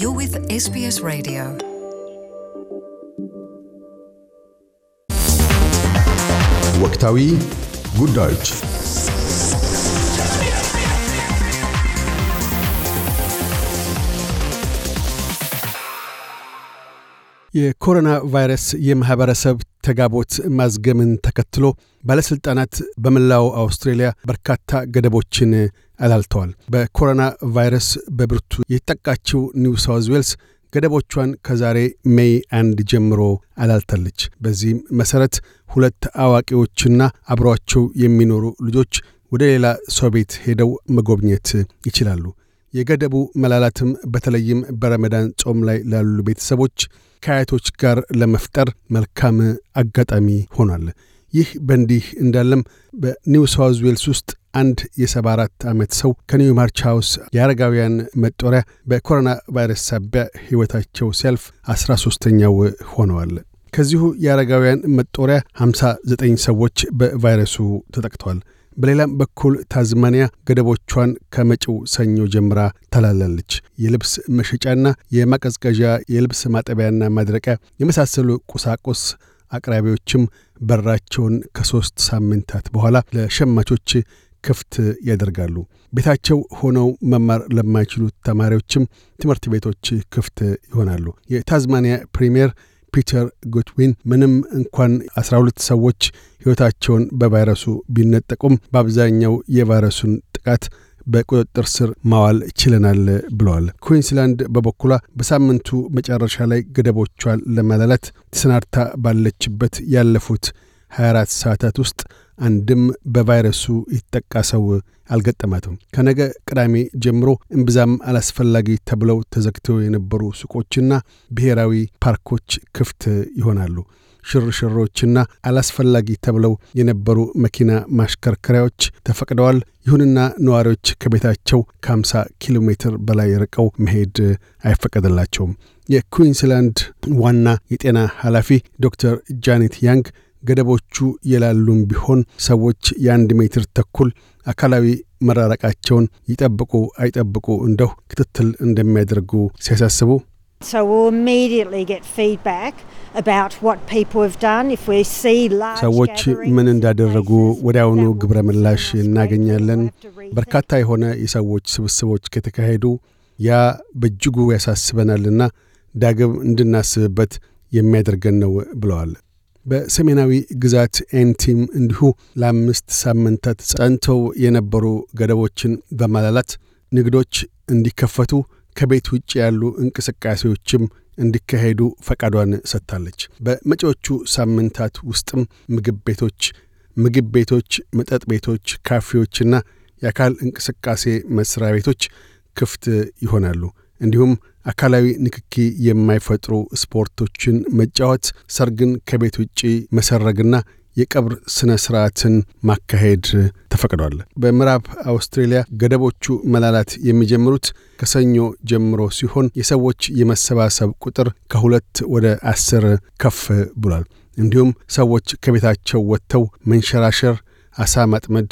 You're with SBS Radio. ወቅታዊ ጉዳዮች የኮሮና ቫይረስ የማኅበረሰብ ተጋቦት ማዝገምን ተከትሎ ባለሥልጣናት በመላው አውስትሬልያ በርካታ ገደቦችን አላልተዋል። በኮሮና ቫይረስ በብርቱ የተጠቃችው ኒው ሳውዝ ዌልስ ገደቦቿን ከዛሬ ሜይ አንድ ጀምሮ አላልታለች። በዚህም መሠረት ሁለት አዋቂዎችና አብሯቸው የሚኖሩ ልጆች ወደ ሌላ ሰው ቤት ሄደው መጎብኘት ይችላሉ። የገደቡ መላላትም በተለይም በረመዳን ጾም ላይ ላሉ ቤተሰቦች ከአያቶች ጋር ለመፍጠር መልካም አጋጣሚ ሆኗል። ይህ በእንዲህ እንዳለም በኒው ሳውዝ ዌልስ ውስጥ አንድ የ74 ዓመት ሰው ከኒው ማርች ሃውስ የአረጋውያን መጦሪያ በኮሮና ቫይረስ ሳቢያ ሕይወታቸው ሲያልፍ 13ተኛው ሆነዋል። ከዚሁ የአረጋውያን መጦሪያ 59 ሰዎች በቫይረሱ ተጠቅተዋል። በሌላም በኩል ታዝማኒያ ገደቦቿን ከመጪው ሰኞ ጀምራ ተላላለች። የልብስ መሸጫና የማቀዝቀዣ የልብስ ማጠቢያና ማድረቂያ የመሳሰሉ ቁሳቁስ አቅራቢዎችም በራቸውን ከሦስት ሳምንታት በኋላ ለሸማቾች ክፍት ያደርጋሉ። ቤታቸው ሆነው መማር ለማይችሉት ተማሪዎችም ትምህርት ቤቶች ክፍት ይሆናሉ። የታዝማኒያ ፕሪምየር ፒተር ጉትዊን ምንም እንኳን ሁለት ሰዎች ሕይወታቸውን በቫይረሱ ቢነጠቁም በአብዛኛው የቫይረሱን ጥቃት በቁጥጥር ስር ማዋል ችለናል ብለዋል። ኩዊንስላንድ በበኩሏ በሳምንቱ መጨረሻ ላይ ገደቦቿን ለማላላት ተሰናድታ ባለችበት ያለፉት 24 ሰዓታት ውስጥ አንድም በቫይረሱ ይጠቃ ሰው አልገጠማትም። ከነገ ቅዳሜ ጀምሮ እምብዛም አላስፈላጊ ተብለው ተዘግተው የነበሩ ሱቆችና ብሔራዊ ፓርኮች ክፍት ይሆናሉ። ሽርሽሮችና አላስፈላጊ ተብለው የነበሩ መኪና ማሽከርከሪያዎች ተፈቅደዋል። ይሁንና ነዋሪዎች ከቤታቸው ከ50 ኪሎ ሜትር በላይ ርቀው መሄድ አይፈቀድላቸውም። የኩዊንስላንድ ዋና የጤና ኃላፊ ዶክተር ጃኔት ያንግ ገደቦቹ የላሉም ቢሆን ሰዎች የአንድ ሜትር ተኩል አካላዊ መራረቃቸውን ይጠብቁ አይጠብቁ እንደው ክትትል እንደሚያደርጉ ሲያሳስቡ ሰዎች ምን እንዳደረጉ ወዲያውኑ ግብረ ምላሽ እናገኛለን። በርካታ የሆነ የሰዎች ስብስቦች ከተካሄዱ ያ በእጅጉ ያሳስበናልና ዳግም እንድናስብበት የሚያደርገን ነው ብለዋል። በሰሜናዊ ግዛት ኤንቲም እንዲሁ ለአምስት ሳምንታት ጸንተው የነበሩ ገደቦችን በማላላት ንግዶች እንዲከፈቱ ከቤት ውጭ ያሉ እንቅስቃሴዎችም እንዲካሄዱ ፈቃዷን ሰጥታለች። በመጪዎቹ ሳምንታት ውስጥም ምግብ ቤቶች፣ ምግብ ቤቶች፣ መጠጥ ቤቶች፣ ካፌዎችና የአካል እንቅስቃሴ መስሪያ ቤቶች ክፍት ይሆናሉ። እንዲሁም አካላዊ ንክኪ የማይፈጥሩ ስፖርቶችን መጫወት፣ ሰርግን ከቤት ውጪ መሰረግና የቀብር ስነ ስርዓትን ማካሄድ ተፈቅዷል። በምዕራብ አውስትሬሊያ ገደቦቹ መላላት የሚጀምሩት ከሰኞ ጀምሮ ሲሆን የሰዎች የመሰባሰብ ቁጥር ከሁለት ወደ አስር ከፍ ብሏል። እንዲሁም ሰዎች ከቤታቸው ወጥተው መንሸራሸር፣ አሳ ማጥመድ፣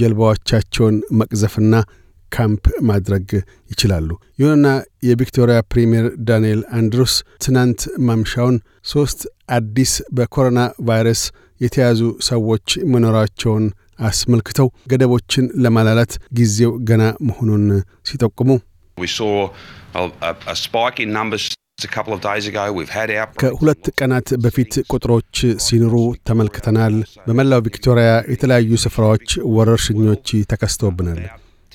ጀልባዎቻቸውን መቅዘፍና ካምፕ ማድረግ ይችላሉ። ይሁንና የቪክቶሪያ ፕሪምየር ዳንኤል አንድሩስ ትናንት ማምሻውን ሦስት አዲስ በኮሮና ቫይረስ የተያዙ ሰዎች መኖራቸውን አስመልክተው ገደቦችን ለማላላት ጊዜው ገና መሆኑን ሲጠቁሙ ከሁለት ቀናት በፊት ቁጥሮች ሲኖሩ ተመልክተናል። በመላው ቪክቶሪያ የተለያዩ ስፍራዎች ወረርሽኞች ተከስተውብናል።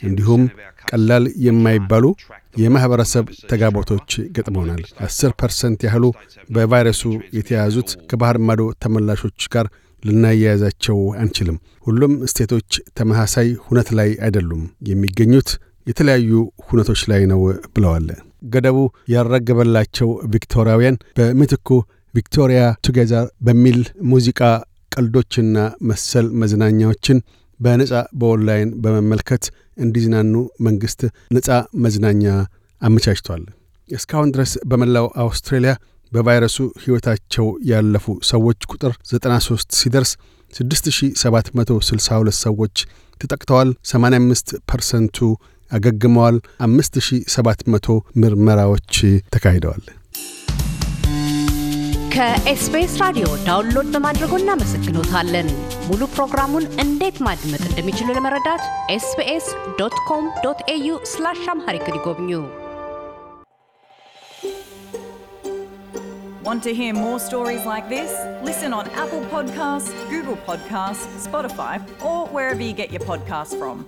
እንዲሁም ቀላል የማይባሉ የማኅበረሰብ ተጋቦቶች ገጥመውናል። አስር ፐርሰንት ያህሉ በቫይረሱ የተያዙት ከባህር ማዶ ተመላሾች ጋር ልናያያዛቸው አንችልም። ሁሉም ስቴቶች ተመሳሳይ ሁነት ላይ አይደሉም የሚገኙት የተለያዩ ሁነቶች ላይ ነው ብለዋል። ገደቡ ያረገበላቸው ቪክቶሪያውያን በምትኩ ቪክቶሪያ ቱጌዘር በሚል ሙዚቃ ቀልዶችና መሰል መዝናኛዎችን በነጻ በኦንላይን በመመልከት እንዲዝናኑ መንግሥት ነጻ መዝናኛ አመቻችቷል። እስካሁን ድረስ በመላው አውስትሬልያ በቫይረሱ ሕይወታቸው ያለፉ ሰዎች ቁጥር 93 ሲደርስ 6762 ሰዎች ተጠቅተዋል። 85 ፐርሰንቱ አገግመዋል። 5700 ምርመራዎች ተካሂደዋል። ከኤስቢኤስ ራዲዮ ዳውንሎድ በማድረጎ እናመሰግኖታለን። ሙሉ ፕሮግራሙን እንዴት ማድመጥ እንደሚችሉ ለመረዳት ኤስቢኤስ ዶት ኮም ዶት ኤዩ ስላሽ አምሃሪክ ይጎብኙ። Want to hear more stories like this? Listen on Apple Podcasts, Google Podcasts, Spotify, or wherever you get your podcasts from.